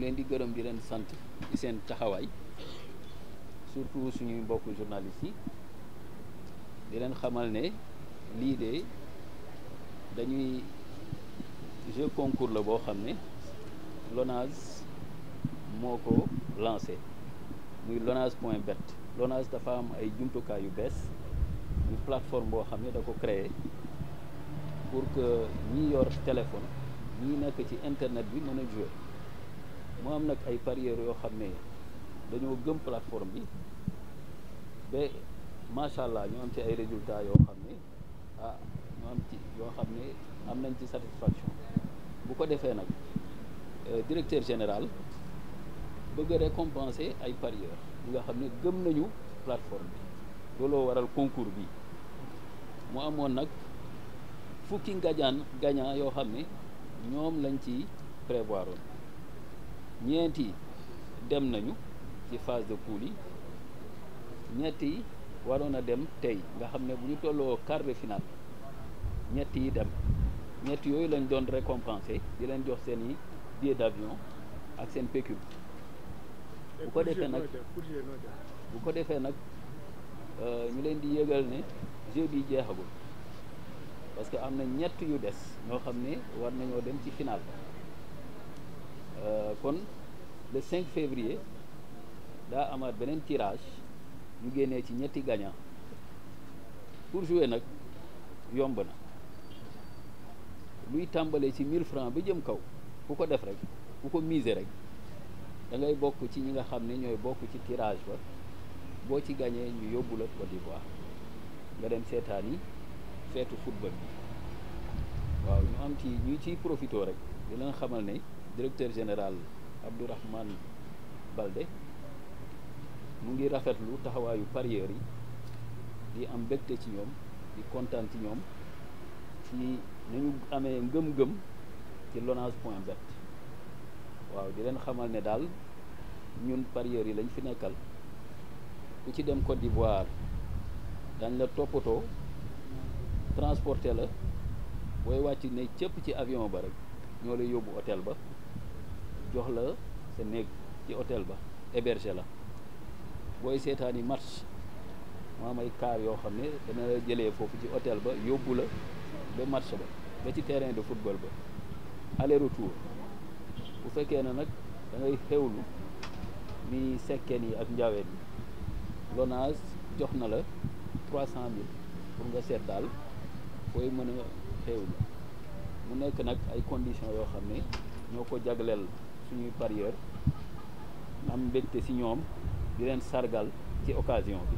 ngi leen di gërëm di leen sant ci seen taxawaay surtout suñuy mbokk journalistes yi di leen xamal ne lii de dañuy jeu concours la boo xam ne LONASE moo ko lancé muy LONASE point bet LONASE dafa am ay jumtukaay yu bees muy plateforme boo xam ne da ko créé pour que ñi yor téléphone ñi nekk ci internet bi mën a jouer mu am nag ay parieurs yoo xam ne dañoo gëm plateforme bi ba macha allah ñu am ci ay résultats yoo xam ne ah ñu am ci yoo xam ne am nañ ci satisfaction bu ko defee nag euh, directeur général bëgg a ay parieurs ñi nga xam ne gëm nañu plateforme bi looloo waral concours bi mu amoon nag fukki ngajaan gagnant yoo xam ne ñoom lañ ci prévoiroon ñeenti dem nañu ci phase de poule yi ñett yi waroon a dem tey nga xam ne bu ñu tolloo quart de finale ñett yi dem ñett yooyu lañ doon récompensé di leen jox seen i billet d'avion ak seen pécule bu ko defee nag bu ko defee nag ñu leen di yëgal ne jeu bi jeexagul parce que am na ñett yu des ñoo xam ne war nañoo dem ci finale Euh, kon le 5 février daa amaat beneen tirage ñu génnee ci ñetti gaña pour jouer nag yomb na luy tàmbalee ci 1000 francs ba jëm kaw ku ko def rek ku ko miser rek da ngay bokk ci ñi nga xam ne ñooy bokk ci tirage ba boo ci gañee ñu yóbbu la Côte d'Ivoire nga dem seetaan yi feetu football bi waaw ñu am ci ñu ciy profité rek di xamal ne directeur général Abdourahmane Balde mu ngi rafetlu taxawaayu parieurs yi di am mbégte ci ñoom di kontaan ci ñoom ci ni ñu amee ngëm-ngëm ci Lonase point bet waaw di leen xamal ne daal ñun parieurs yi lañ fi nekkal ku ci dem Côte d'Ivoire dañ la toppatoo transporter la booy wàcc ne cépp ci avion ba rek ñoo lay yóbbu hôtel ba jox la sa néeg ci hôtel ba héberger la booy seetaani match moo am ay car yoo xam ne dana la jëlee foofu ci hôtel ba yóbbu la ba match ba ba ci terrain de football ba aller retour bu fekkee na nag dangay ngay xewlu ni sekkeen yi ak njaween yi jox na la trois cent mille pour nga seet daal fooy mën a xewlu mu nekk nag ay conditions yoo xam ne ñoo ko jagleel suñuy parieurs am mbégte si ñoom di leen sargal ci occasion bi